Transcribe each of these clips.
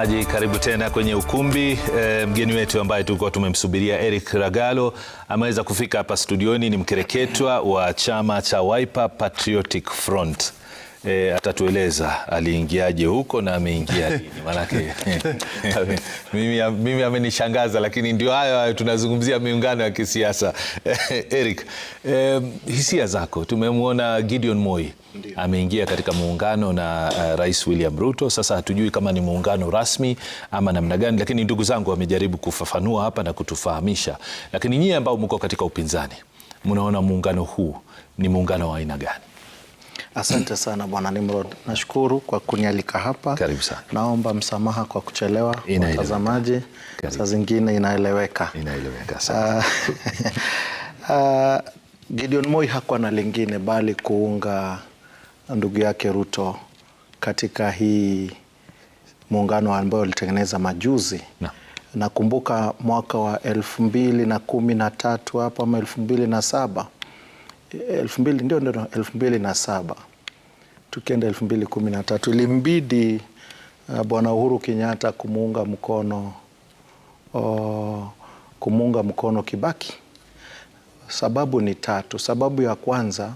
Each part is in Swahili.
Mtazamaji, karibu tena kwenye ukumbi. E, mgeni wetu ambaye tulikuwa tumemsubiria Eric Ragalo ameweza kufika hapa studioni. Ni mkereketwa wa chama cha Wiper Patriotic Front e, atatueleza aliingiaje huko na ameingia lini maanake mimi, mimi amenishangaza, lakini ndio hayo hayo tunazungumzia miungano ya kisiasa Eric, e, hisia zako? Tumemwona Gideon Moi ameingia katika muungano na uh, Rais William Ruto. Sasa hatujui kama ni muungano rasmi ama namna gani, lakini ndugu zangu wamejaribu kufafanua hapa na kutufahamisha. Lakini nyie ambao mko katika upinzani, mnaona muungano huu ni muungano wa aina gani? Asante sana Bwana Nimrod, nashukuru kwa kunialika hapa. Karibu sana. Naomba msamaha kwa kuchelewa, watazamaji, saa zingine inaeleweka, inaeleweka sana. Uh, ah, Gideon Moi hakuwa na lingine bali kuunga ndugu yake Ruto katika hii muungano ambao ulitengeneza majuzi na. Nakumbuka mwaka wa elfu mbili na kumi na tatu hapo ama elfu mbili na saba elfu mbili ndio ndio elfu mbili na saba tukienda elfu mbili kumi na tatu ilimbidi uh, Bwana Uhuru Kenyatta kumuunga mkono uh, kumuunga mkono Kibaki. Sababu ni tatu. Sababu ya kwanza,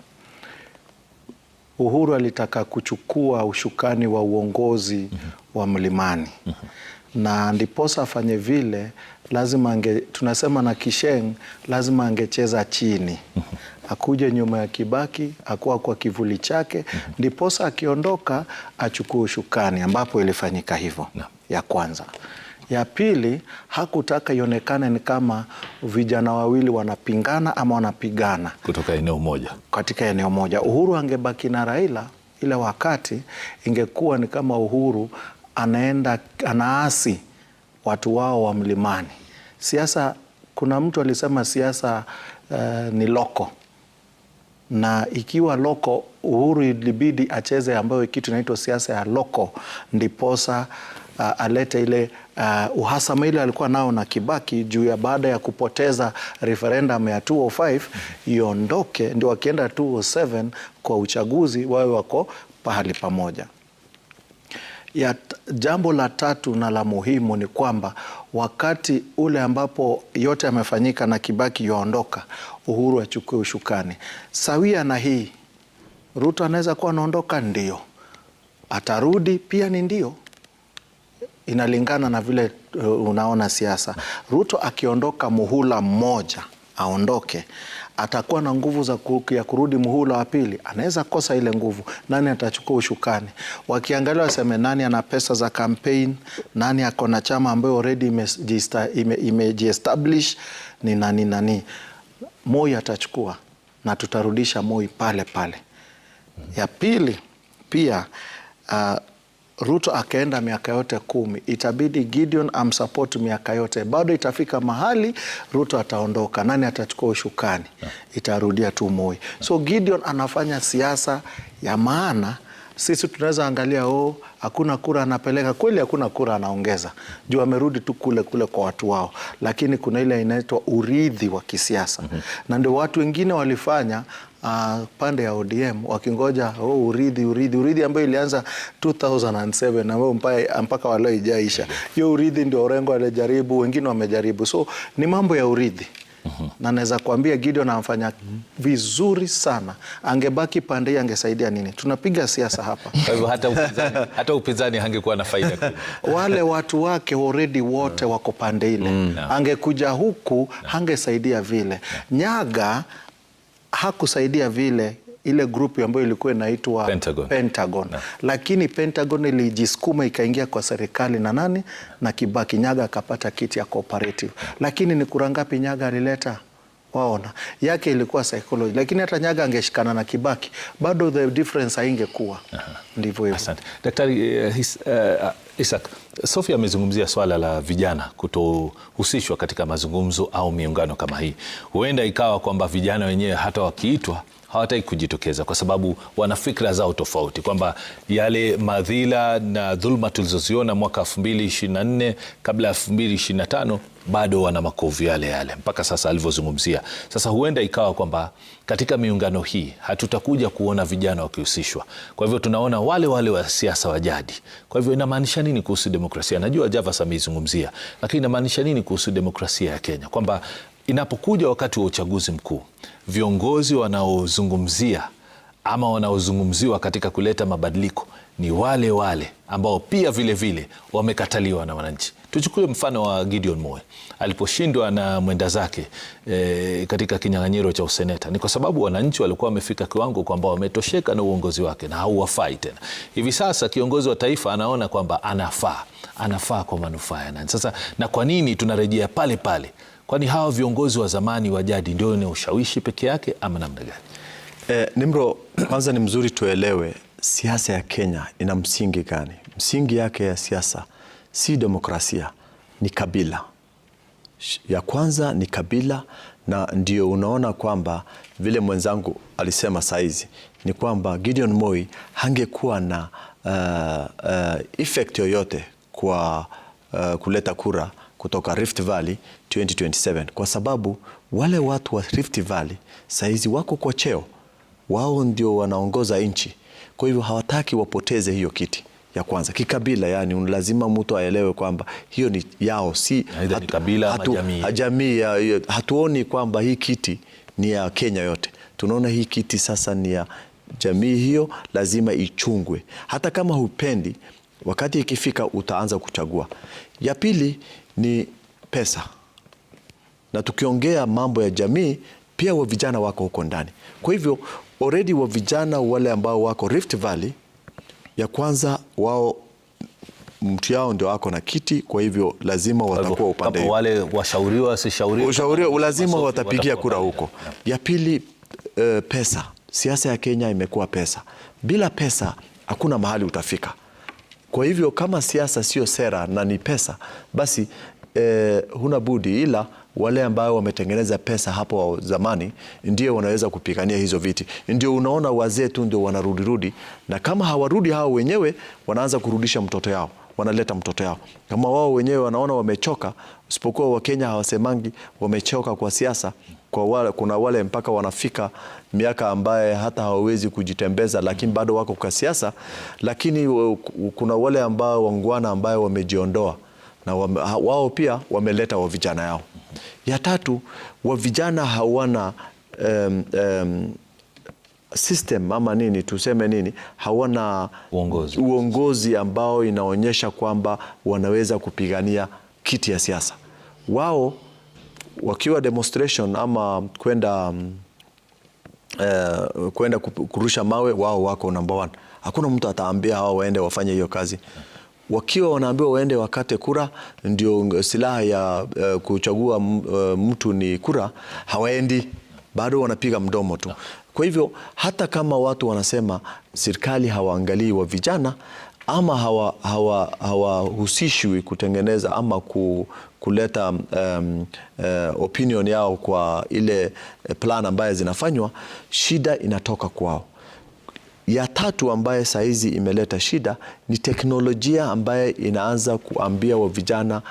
Uhuru alitaka kuchukua ushukani wa uongozi mm -hmm. wa mlimani mm -hmm. na ndiposa afanye vile, lazima ange, tunasema na Kisheng, lazima angecheza chini mm -hmm akuje nyuma ya Kibaki, akuwa kwa kivuli chake, mhm. ndiposa akiondoka achukue ushukani, ambapo ilifanyika hivyo. Ya kwanza. Ya pili, hakutaka ionekane ni kama vijana wawili wanapingana ama wanapigana kutoka eneo moja, katika eneo moja. Uhuru angebaki na Raila, ile wakati ingekuwa ni kama Uhuru anaenda anaasi watu wao wa mlimani. Siasa, kuna mtu alisema siasa uh, ni loko na ikiwa loko Uhuru ilibidi acheze ambayo kitu inaitwa siasa ya loko, ndiposa uh, alete ile uh, uhasama ile alikuwa nao na Kibaki juu ya baada ya kupoteza referendum ya 205 iondoke, ndio wakienda 207 kwa uchaguzi wawe wako pahali pamoja. Ya jambo la tatu na la muhimu ni kwamba wakati ule ambapo yote yamefanyika na Kibaki yuaondoka Uhuru achukue ushukani. Sawia na hii, Ruto anaweza kuwa anaondoka, ndio atarudi pia ni ndio, inalingana na vile eh, unaona siasa. Ruto akiondoka muhula mmoja aondoke atakuwa na nguvu za ya kurudi muhula wa pili, anaweza kosa ile nguvu. Nani atachukua ushukani? Wakiangalia waseme nani ana pesa za campaign, nani ako na chama ambayo already imejiestablish, ni nani nani. Moi atachukua na tutarudisha Moi pale pale. Ya pili pia uh, Ruto akaenda miaka yote kumi, itabidi Gideon amsupport miaka yote. Bado itafika mahali Ruto ataondoka, nani atachukua ushukani? Itarudia tu Moi. So Gideon anafanya siasa ya maana. Sisi tunaweza angalia, oh, hakuna kura anapeleka kweli, hakuna kura anaongeza, juu amerudi tu kule kule kwa watu wao, lakini kuna ile inaitwa urithi wa kisiasa mm -hmm. na ndio watu wengine walifanya uh, pande ya ODM wakingoja oh, uridhi urithi urithi ambayo ilianza 2007 ambayo mpaka, mpaka waleo ijaisha hiyo uridhi ndio Orengo walijaribu, wengine wamejaribu, so ni mambo ya uridhi. Uhum. Na naweza kuambia Gideon anafanya vizuri sana. Angebaki pande hii angesaidia nini? Tunapiga siasa hapa. Kwa hivyo hata upinzani, hata upinzani hangekuwa na faida Wale watu wake already wote wako pande ile. Mm. Angekuja huku hangesaidia vile. Nyaga hakusaidia vile ile grupu ambayo ilikuwa inaitwa Pentagon, Pentagon. No. Lakini Pentagon ilijisukuma ikaingia kwa serikali na nani na Kibaki, Nyaga akapata kiti ya cooperative, lakini ni kura ngapi Nyaga alileta? Waona yake ilikuwa psychology, lakini hata Nyaga angeshikana na Kibaki bado the difference haingekuwa. Ndivyo hivyo. Daktari, uh, his, uh, Isaac, Sofia amezungumzia swala la vijana kutohusishwa katika mazungumzo au miungano kama hii. Huenda ikawa kwamba vijana wenyewe hata wakiitwa hawataki kujitokeza kwa sababu wana fikra zao tofauti, kwamba yale madhila na dhuluma tulizoziona mwaka 2024 kabla ya 2025 bado wana makovu yale yale mpaka sasa alivyozungumzia. Sasa huenda ikawa kwamba katika miungano hii hatutakuja kuona vijana wakihusishwa. Kwa hivyo tunaona wale wale wa siasa wa jadi. Kwa hivyo inamaanisha nini kuhusu demokrasia? Najua Javas ameizungumzia, lakini inamaanisha nini kuhusu demokrasia ya Kenya, kwamba inapokuja wakati wa uchaguzi mkuu viongozi wanaozungumzia ama wanaozungumziwa katika kuleta mabadiliko ni wale wale ambao pia vilevile vile wamekataliwa na wananchi. Tuchukue mfano wa Gideon Moe aliposhindwa na mwenda zake e, katika kinyang'anyiro cha useneta, ni kwa sababu wananchi walikuwa wamefika kiwango kwamba wametosheka na uongozi wake na hauwafai tena. Hivi sasa kiongozi wa taifa anaona kwamba anafaa, anafaa kwa manufaa ya nani sasa, na kwa nini tunarejea pale pale? Kwani hawa viongozi wa zamani wa jadi ndio ni ushawishi peke yake ama namna gani? E, Nimro, kwanza ni mzuri tuelewe siasa ya Kenya ina msingi gani? Msingi yake ya siasa si demokrasia, ni kabila. Ya kwanza ni kabila, na ndio unaona kwamba vile mwenzangu alisema saizi ni kwamba Gideon Moi hangekuwa na uh, uh, effect yoyote kwa uh, kuleta kura kutoka Rift Valley 2027 kwa sababu wale watu wa Rift Valley saizi wako kwa cheo, wao ndio wanaongoza nchi, kwa hivyo hawataki wapoteze hiyo kiti ya kwanza kikabila, yani lazima mtu aelewe kwamba hiyo ni yao, si jamii. Hatuoni kwamba hii kiti ni ya Kenya yote, tunaona hii kiti sasa ni ya jamii hiyo, lazima ichungwe, hata kama hupendi, wakati ikifika utaanza kuchagua. Ya pili ni pesa, na tukiongea mambo ya jamii pia wa vijana wako huko ndani, kwa hivyo already wa vijana wale ambao wako Rift Valley ya kwanza wao mtu yao ndio ako na kiti, kwa hivyo lazima watakuwa upande wale washauriwa sishauriwa ushauriwa lazima watapigia kura huko. Ya pili, e, pesa. Siasa ya Kenya imekuwa pesa. Bila pesa hakuna mahali utafika. Kwa hivyo kama siasa sio sera na ni pesa, basi eh, huna budi ila wale ambao wametengeneza pesa hapo zamani ndio wanaweza kupigania hizo viti. Ndio unaona wazee tu ndio wanarudirudi, na kama hawarudi hao wenyewe wanaanza kurudisha mtoto yao, wanaleta mtoto yao. Kama wao wenyewe wanaona wamechoka, usipokuwa Wakenya hawasemangi wamechoka kwa siasa kwa wale, kuna wale mpaka wanafika miaka ambaye hata hawawezi kujitembeza, lakini bado wako kwa siasa. Lakini eh, kuna wale ambao wangwana ambayo wamejiondoa na wame, ha, wao pia wameleta wa vijana yao. Ya tatu, wa vijana hawana um, um, system ama nini tuseme nini, hawana uongozi, uongozi ambao inaonyesha kwamba wanaweza kupigania kiti ya siasa. Wao wakiwa demonstration ama kwenda um, uh, kwenda kurusha mawe, wao wako number one. Hakuna mtu ataambia hao waende wafanye hiyo kazi wakiwa wanaambiwa waende wakate kura, ndio silaha ya uh, kuchagua eh, mtu ni kura, hawaendi, bado wanapiga mdomo tu. Kwa hivyo hata kama watu wanasema serikali hawaangalii wa vijana ama hawahusishwi hawa, hawa kutengeneza ama ku, kuleta um, uh, opinion yao kwa ile plan ambayo zinafanywa, shida inatoka kwao. Ya tatu ambaye saizi imeleta shida ni teknolojia ambaye inaanza kuambia wa vijana,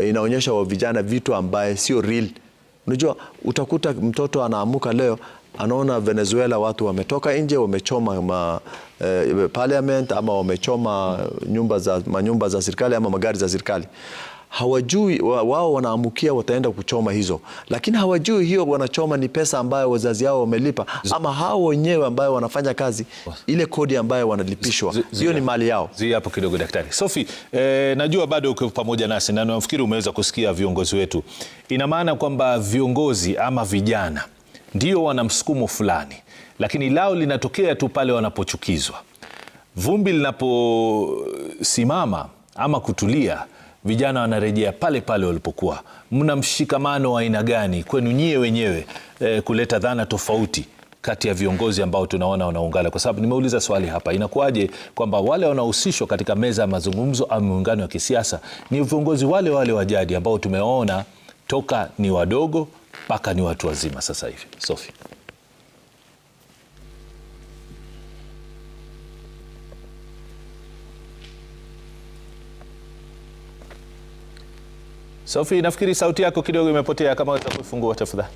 inaonyesha wa vijana vitu ambaye sio real. Unajua, utakuta mtoto anaamuka leo anaona Venezuela watu wametoka nje wamechoma ma, eh, parliament ama wamechoma nyumba za manyumba za serikali ama magari za serikali hawajui wao wanaamukia wataenda kuchoma hizo, lakini hawajui hiyo wanachoma ni pesa ambayo wazazi wao wamelipa, ama hao wenyewe ambayo wanafanya kazi, ile kodi ambayo wanalipishwa, hiyo ni mali yao. Zii hapo kidogo daktari sofi eh, najua bado uko pamoja nasi na nafikiri umeweza kusikia viongozi wetu. Ina maana kwamba viongozi ama vijana ndio wana msukumo fulani, lakini lao linatokea tu pale wanapochukizwa, vumbi linaposimama ama kutulia vijana wanarejea pale pale walipokuwa. Mna mshikamano wa aina gani kwenu nyie wenyewe e, kuleta dhana tofauti kati ya viongozi ambao tunaona wanaungana? Kwa sababu nimeuliza swali hapa, inakuwaje kwamba wale wanaohusishwa katika meza ya mazungumzo au miungano ya kisiasa ni viongozi wale wale wa jadi ambao tumewaona toka ni wadogo mpaka ni watu wazima sasa hivi? Sophie. Sophie, nafikiri sauti yako kidogo imepotea, kama unaweza kuifungua tafadhali.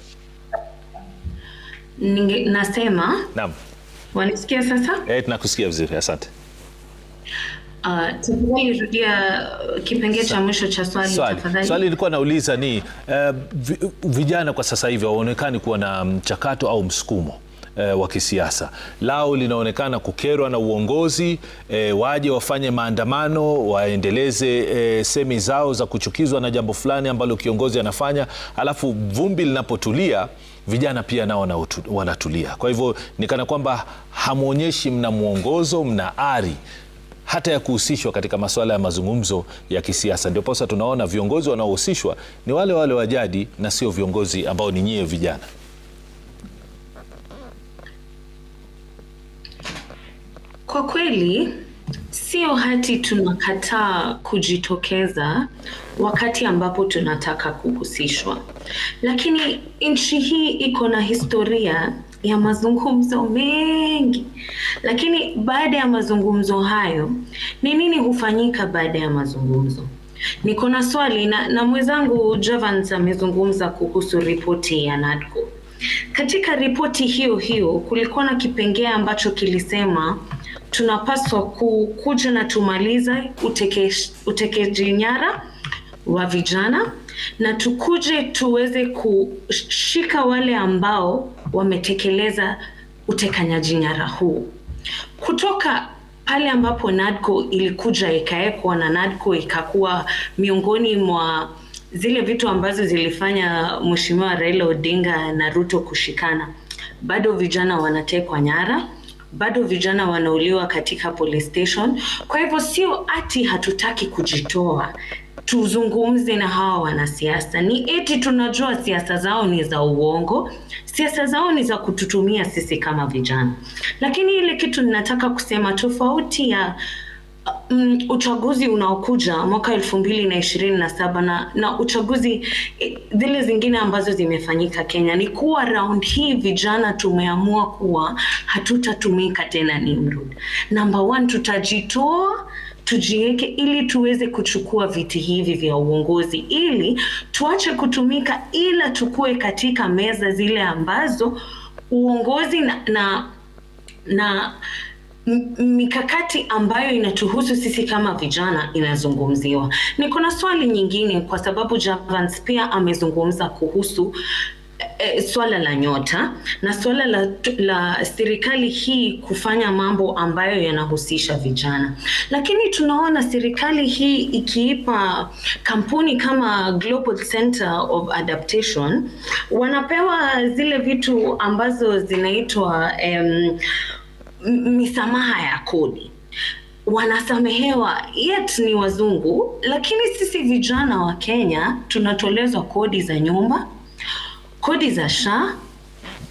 Nasema. Naam. Wanisikia sasa? Eh, tunakusikia vizuri. Asante. Ah, uh, rudia kipengele cha mwisho cha swali swali tafadhali. Swali nilikuwa nauliza ni uh, vijana kwa sasa hivi hawaonekani kuwa na mchakato au msukumo e, wa kisiasa lao linaonekana kukerwa na uongozi e, waje wafanye maandamano waendeleze e, semi zao za kuchukizwa na jambo fulani ambalo kiongozi anafanya, alafu vumbi linapotulia vijana pia nao wanatulia. Kwa hivyo nikana kwamba hamwonyeshi mna mwongozo, mna ari hata ya kuhusishwa katika masuala ya mazungumzo ya kisiasa. Ndio posa tunaona viongozi wanaohusishwa ni wale wale wa jadi na sio viongozi ambao ni nyie vijana. Kwa kweli, sio hati tunakataa kujitokeza wakati ambapo tunataka kuhusishwa. Lakini nchi hii iko na historia ya mazungumzo mengi. Lakini baada ya mazungumzo hayo, ni nini hufanyika baada ya mazungumzo? Niko na swali na, na mwenzangu Javans amezungumza kuhusu ripoti ya NADCO. Katika ripoti hiyo hiyo kulikuwa na kipengee ambacho kilisema tunapaswa kukuja na tumaliza uteke, nyara wa vijana na tukuje tuweze kushika wale ambao wametekeleza utekanyaji nyara huu kutoka pale ambapo NADCO ilikuja ikawekwa na NADCO ikakuwa miongoni mwa zile vitu ambazo zilifanya mweshimiwa Raila Odinga na Ruto kushikana, bado vijana wanatekwa nyara bado vijana wanauliwa katika police station. Kwa hivyo sio ati hatutaki kujitoa, tuzungumze na hawa wanasiasa. Ni eti tunajua siasa zao ni za uongo, siasa zao ni za kututumia sisi kama vijana. Lakini ile kitu ninataka kusema tofauti ya um, uchaguzi unaokuja mwaka elfu mbili na ishirini na saba na, na uchaguzi eh, zile zingine ambazo zimefanyika Kenya ni kuwa round hii vijana tumeamua kuwa hatutatumika tena Nimrud. Number one, tutajitoa tujiweke ili tuweze kuchukua viti hivi vya uongozi ili tuache kutumika ila tukuwe katika meza zile ambazo uongozi na, na, na mikakati ambayo inatuhusu sisi kama vijana inazungumziwa. Niko na swali nyingine, kwa sababu Javans pia amezungumza kuhusu E, swala la nyota na swala la, la serikali hii kufanya mambo ambayo yanahusisha vijana, lakini tunaona serikali hii ikiipa kampuni kama Global Center of Adaptation wanapewa zile vitu ambazo zinaitwa um, misamaha ya kodi wanasamehewa yet ni wazungu, lakini sisi vijana wa Kenya tunatolezwa kodi za nyumba, kodi za shaa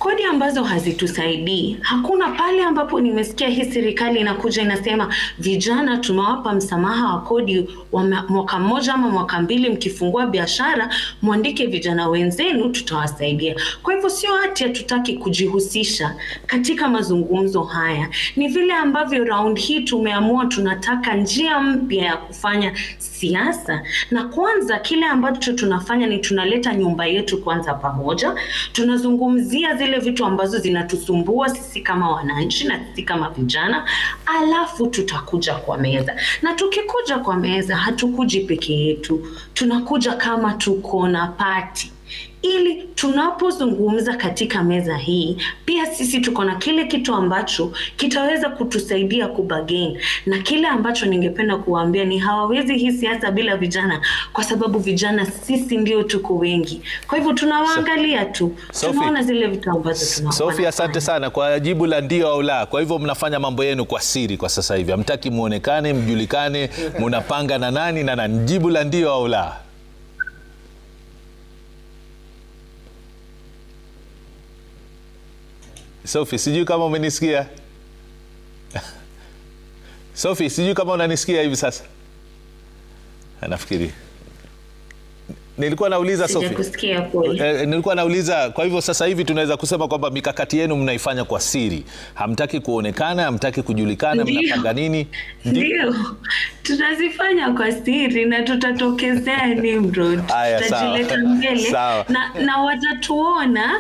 kodi ambazo hazitusaidii. Hakuna pale ambapo nimesikia hii serikali inakuja inasema vijana tumewapa msamaha wa kodi wa mwaka mmoja ama mwaka mbili, mkifungua biashara mwandike vijana wenzenu, tutawasaidia. Kwa hivyo sio hati hatutaki kujihusisha katika mazungumzo haya, ni vile ambavyo round hii tumeamua tunataka njia mpya ya kufanya siasa. Na kwanza kile ambacho tunafanya ni tunaleta nyumba yetu kwanza pamoja, tunazungumzia zile vitu ambazo zinatusumbua sisi kama wananchi na sisi kama vijana, alafu tutakuja kwa meza. Na tukikuja kwa meza, hatukuji peke yetu, tunakuja kama tuko na pati ili tunapozungumza katika meza hii pia sisi tuko na kile kitu ambacho kitaweza kutusaidia kubagain, na kile ambacho ningependa kuwaambia ni hawawezi hii siasa bila vijana, kwa sababu vijana sisi ndio tuko wengi. Kwa hivyo tunawaangalia tu, tunaona zile vitu ambazo tunafanya. Sophie, asante sana kwa jibu la ndio au la. Kwa hivyo mnafanya mambo yenu kwa siri kwa sasa hivi, hamtaki muonekane, mjulikane, munapanga na nani na nani. Jibu la ndio au la. Sophie, sijui kama umenisikia Sophie, sijui kama unanisikia hivi sasa, nafikiri nilikuwa nauliza Sophie, Sijakusikia eh, eh, nilikuwa nauliza kwa hivyo sasa hivi tunaweza kusema kwamba mikakati yenu mnaifanya kwa siri, hamtaki kuonekana, hamtaki kujulikana, mnapanga nini? Ndio tunazifanya kwa siri na tutatokezea Nimrod, tutajileta mbele sawa. na, na watatuona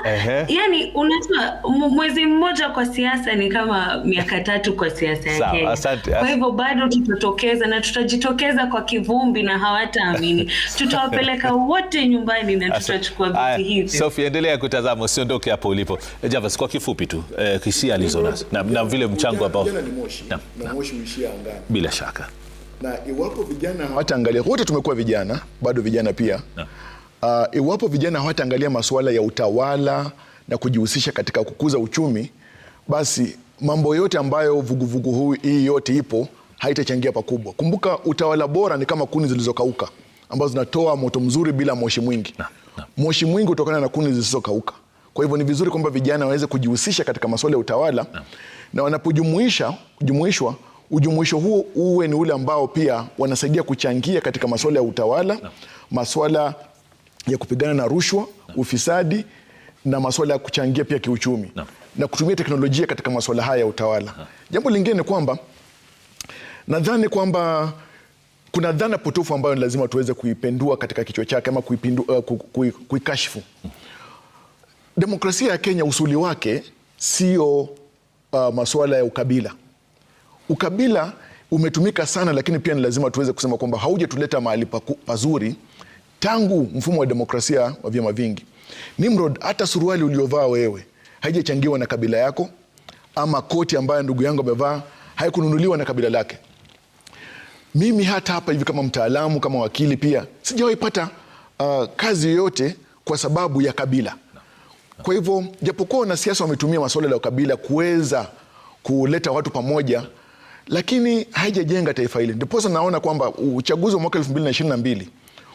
yani, unajua mwezi mmoja kwa siasa ni kama miaka tatu kwa siasa ya Kenya. Kwa hivyo bado tutatokeza na tutajitokeza kwa kivumbi na hawataamini, tutawapeleka wote nyumbani na tutachukua viti hivi. Sofi, endelea kutazama, usiondoke hapo ulipo. Eh, Javas, kwa kifupi tu eh, hisia alizonazo na, na vile mchango ambao na moshi huishia angani bila shaka, na iwapo vijana hawataangalia, wote tumekuwa vijana, bado vijana pia na. Uh, ah, iwapo vijana hawataangalia masuala ya utawala na kujihusisha katika kukuza uchumi, basi mambo yote ambayo vuguvugu huu hii yote ipo haitachangia pakubwa. Kumbuka, utawala bora ni kama kuni zilizokauka ambazo zinatoa moto mzuri bila moshi mwingi na, na. Moshi mwingi hutokana na kuni zisizokauka. Kwa hivyo ni vizuri kwamba vijana waweze kujihusisha katika masuala ya utawala na, na wanapojumuisha kujumuishwa ujumuisho huo uwe ni ule ambao pia wanasaidia kuchangia katika masuala ya utawala na, masuala ya kupigana na rushwa na, ufisadi na masuala ya kuchangia pia kiuchumi na, na kutumia teknolojia katika masuala haya ya utawala Jambo lingine ni kwamba nadhani kwamba kuna dhana potofu ambayo ni lazima tuweze kuipendua katika kichwa chake ama eh, kuikashfu uh, kui, kui demokrasia ya Kenya usuli wake sio uh, ah, masuala ya ukabila. Ukabila umetumika sana, lakini pia ni lazima tuweze kusema kwamba haujatuleta mahali pazuri tangu mfumo wa demokrasia wa vyama vingi. Nimrod, hata suruali uliovaa wewe haijachangiwa na kabila yako, ama koti ambayo ndugu yangu amevaa haikununuliwa na kabila lake. Mimi hata hapa hivi kama mtaalamu kama wakili pia sijawahi pata uh, kazi yoyote kwa sababu ya kabila. Kwa hivyo japokuwa wanasiasa wametumia masuala ya ukabila kuweza kuleta watu pamoja, lakini haijajenga taifa hili. Ndiposa naona kwamba uchaguzi wa mwaka mbili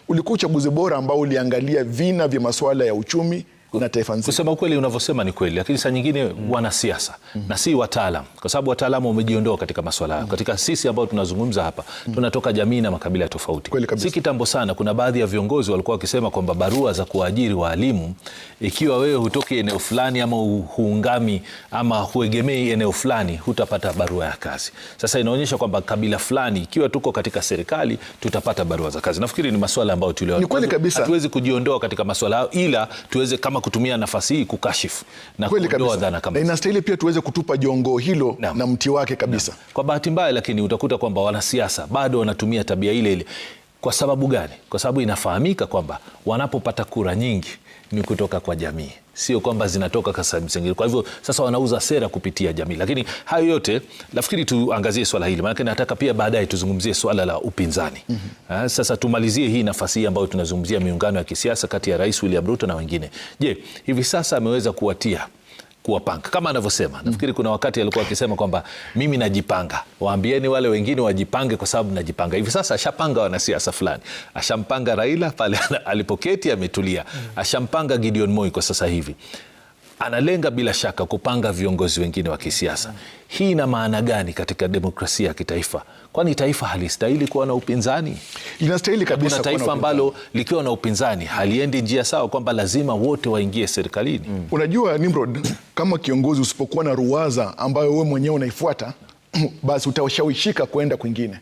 ulikuwa uchaguzi bora ambao uliangalia vina vya masuala ya uchumi na taifa nzima. Kusema ukweli, unavyosema ni kweli, lakini saa nyingine mm. wanasiasa mm. na si wataalam, kwa sababu wataalamu wamejiondoa katika maswala hayo mm. katika sisi ambao tunazungumza hapa mm. tunatoka jamii na makabila tofauti. Si kitambo sana, kuna baadhi ya viongozi walikuwa wakisema kwamba barua za kuajiri waalimu, ikiwa wewe hutoki eneo fulani ama huungami ama huegemei eneo fulani, hutapata barua ya kazi. Sasa inaonyesha kwamba kabila fulani, ikiwa tuko katika serikali, tutapata barua za kazi. Nafikiri ni maswala ambayo tuliwa, hatuwezi kujiondoa katika maswala hayo, ila tuweze kama kutumia nafasi hii kukashifu na kuondoa dhana kama hizo. Inastahili pia tuweze kutupa jongo hilo na, na mti wake kabisa na. Kwa bahati mbaya lakini utakuta kwamba wanasiasa bado wanatumia tabia ile ile. Kwa sababu gani? Kwa sababu inafahamika kwamba wanapopata kura nyingi ni kutoka kwa jamii, sio kwamba zinatoka kasa Kwa hivyo sasa wanauza sera kupitia jamii, lakini hayo yote nafikiri tuangazie swala hili, maanake nataka pia baadaye tuzungumzie swala la upinzani mm -hmm. Sasa tumalizie hii nafasi hii ambayo tunazungumzia miungano ya kisiasa kati ya Rais William Ruto na wengine. Je, hivi sasa ameweza kuwatia kuwapanga kama anavyosema. Nafikiri kuna wakati alikuwa akisema kwamba mimi najipanga, waambieni wale wengine wajipange kwa sababu najipanga. Hivi sasa ashapanga wanasiasa fulani, ashampanga Raila pale alipoketi ametulia, ashampanga Gideon Moi kwa sasa hivi analenga bila shaka kupanga viongozi wengine wa kisiasa. Hii ina maana gani katika demokrasia ya kitaifa? Kwani taifa halistahili kuwa na upinzani? Inastahili kabisa. Kuna taifa ambalo likiwa na upinzani haliendi njia sawa, kwamba lazima wote waingie serikalini. Mm. Unajua Nimrod, kama kiongozi usipokuwa na ruwaza ambayo wewe mwenyewe unaifuata basi utashawishika kwenda kwingine.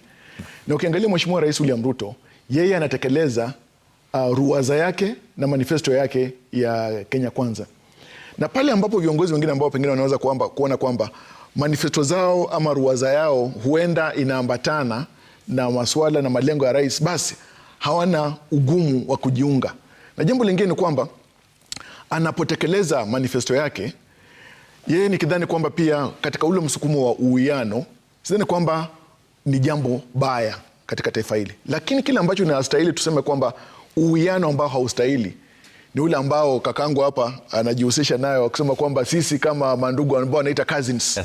Na ukiangalia Mheshimiwa Rais William Ruto, yeye anatekeleza uh, ruwaza yake na manifesto yake ya Kenya Kwanza na pale ambapo viongozi wengine ambao pengine wanaweza kuona kwamba, kwamba manifesto zao ama ruwaza yao huenda inaambatana na masuala na malengo ya rais, basi hawana ugumu wa kujiunga. Na jambo lingine ni kwamba anapotekeleza manifesto yake yeye, nikidhani kwamba pia katika ule msukumo wa uwiano, sidhani kwamba ni jambo baya katika taifa hili, lakini kile ambacho inastahili tuseme kwamba uwiano ambao haustahili ni ule ambao kakangu hapa anajihusisha nayo akisema kwamba sisi kama mandugu ambao wanaita cousins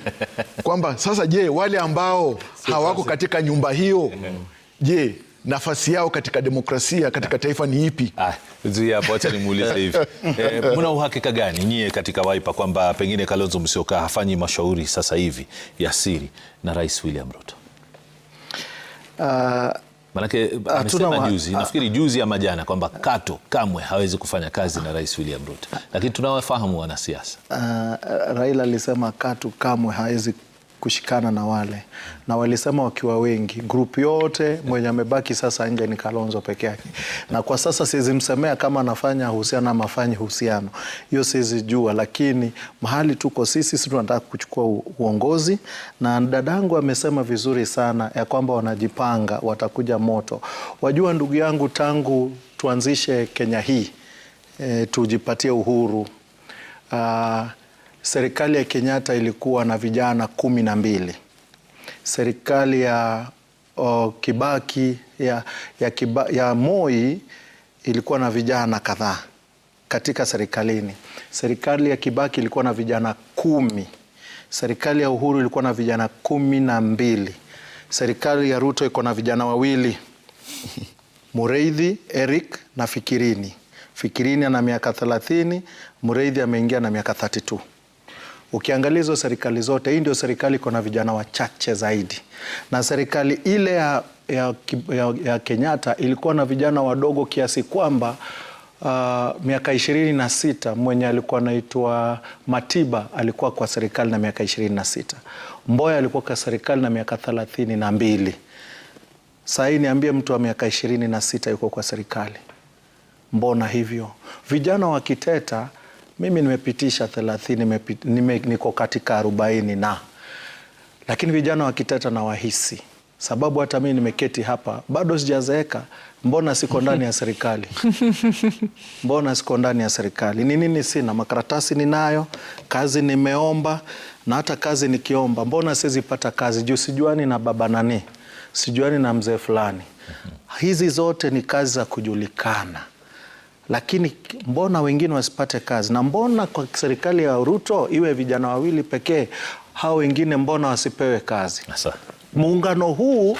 kwamba sasa, je, wale ambao hawako katika nyumba hiyo, je, nafasi yao katika demokrasia katika taifa ni ipi? Ah, acha nimuulize hivi e, eh, mna uhakika gani nyie katika waipa kwamba pengine Kalonzo Musyoka hafanyi mashauri sasa hivi ya siri na Rais William Ruto? uh, Manake ah, amesema juzi, ah. nafikiri juzi ama jana kwamba Kato kamwe hawezi kufanya kazi na Rais William Ruto, lakini tunawafahamu wanasiasa. Ah, Raila alisema Kato kamwe hawezi kushikana na wale na walisema wakiwa wengi grupu yote, mwenye amebaki sasa nje ni Kalonzo peke yake, na kwa sasa siwezi msemea kama anafanya uhusiano ama afanye uhusiano, hiyo siwezi jua, lakini mahali tuko sisi sisi tunataka kuchukua uongozi, na dadangu amesema vizuri sana ya kwamba wanajipanga, watakuja moto. Wajua ndugu yangu, tangu tuanzishe Kenya hii e, tujipatie uhuru Uh, Serikali ya Kenyatta ilikuwa na vijana kumi na mbili. Serikali ya o, Kibaki ya, ya, kiba, ya Moi ilikuwa na vijana kadhaa katika serikalini. Serikali ya Kibaki ilikuwa na vijana kumi. Serikali ya Uhuru ilikuwa na vijana kumi na mbili. Serikali ya Ruto iko na vijana wawili Mureithi Eric na Fikirini. Fikirini ana miaka 30, Mureithi ameingia na miaka 32. Ukiangalia hizo serikali zote, hii ndio serikali iko na vijana wachache zaidi, na serikali ile ya, ya, ya, ya Kenyatta ilikuwa na vijana wadogo kiasi kwamba Uh, miaka ishirini na sita mwenye alikuwa anaitwa Matiba alikuwa kwa serikali na miaka ishirini na sita Mboya alikuwa kwa serikali na miaka thelathini na mbili Sahii niambie mtu wa miaka ishirini na sita yuko kwa serikali, mbona hivyo vijana wakiteta mimi nimepitisha thelathini, nime, niko katika arobaini na lakini vijana wakiteta na wahisi sababu hata mimi nimeketi hapa bado sijazeeka. Mbona siko ndani ya serikali? Mbona siko ndani ya serikali? Ni nini? Sina makaratasi, ninayo kazi, nimeomba na hata kazi nikiomba, mbona siwezi pata kazi juu sijuani na baba nani, sijuani na mzee fulani. Mhm. Hizi zote ni kazi za kujulikana lakini mbona wengine wasipate kazi? Na mbona kwa serikali ya Ruto iwe vijana wawili pekee? Hao wengine mbona wasipewe kazi? Asa. Muungano huu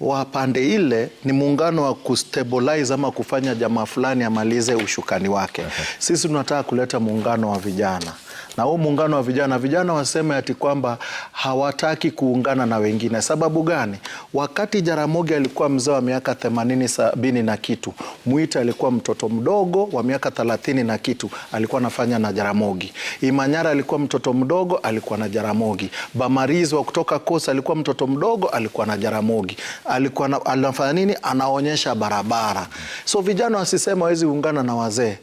wa pande ile ni muungano wa kustabilize ama kufanya jamaa fulani amalize ushukani wake. Sisi tunataka kuleta muungano wa vijana na huu muungano wa vijana, vijana waseme ati kwamba hawataki kuungana na wengine. Sababu gani? Wakati Jaramogi alikuwa mzee wa miaka themanini sabini na kitu, Mwita alikuwa mtoto mdogo wa miaka thelathini na kitu, alikuwa anafanya na Jaramogi. Imanyara alikuwa mtoto mdogo, alikuwa na Jaramogi. Bamarizwa kutoka Kosa alikuwa mtoto mdogo, alikuwa na Jaramogi. Alikuwa anafanya nini? Anaonyesha barabara. So vijana wasisema hawezi kuungana na wazee.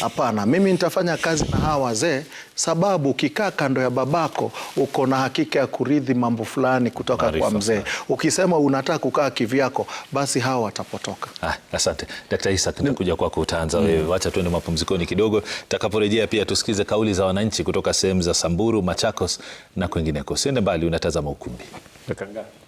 Hapana, mimi nitafanya kazi na hawa wazee, sababu ukikaa kando ya babako uko na hakika ya kurithi mambo fulani kutoka Marifa, kwa mzee. Ukisema unataka kukaa kivyako, basi hawa watapotoka. Ah, asante Daktari Isa, tunakuja kwako, utaanza mm. wewe mm. Wacha tuende mapumzikoni kidogo, takaporejea pia tusikize kauli za wananchi kutoka sehemu za Samburu, Machakos na kwingineko. Siende mbali, unatazama Ukumbi. Nekanga.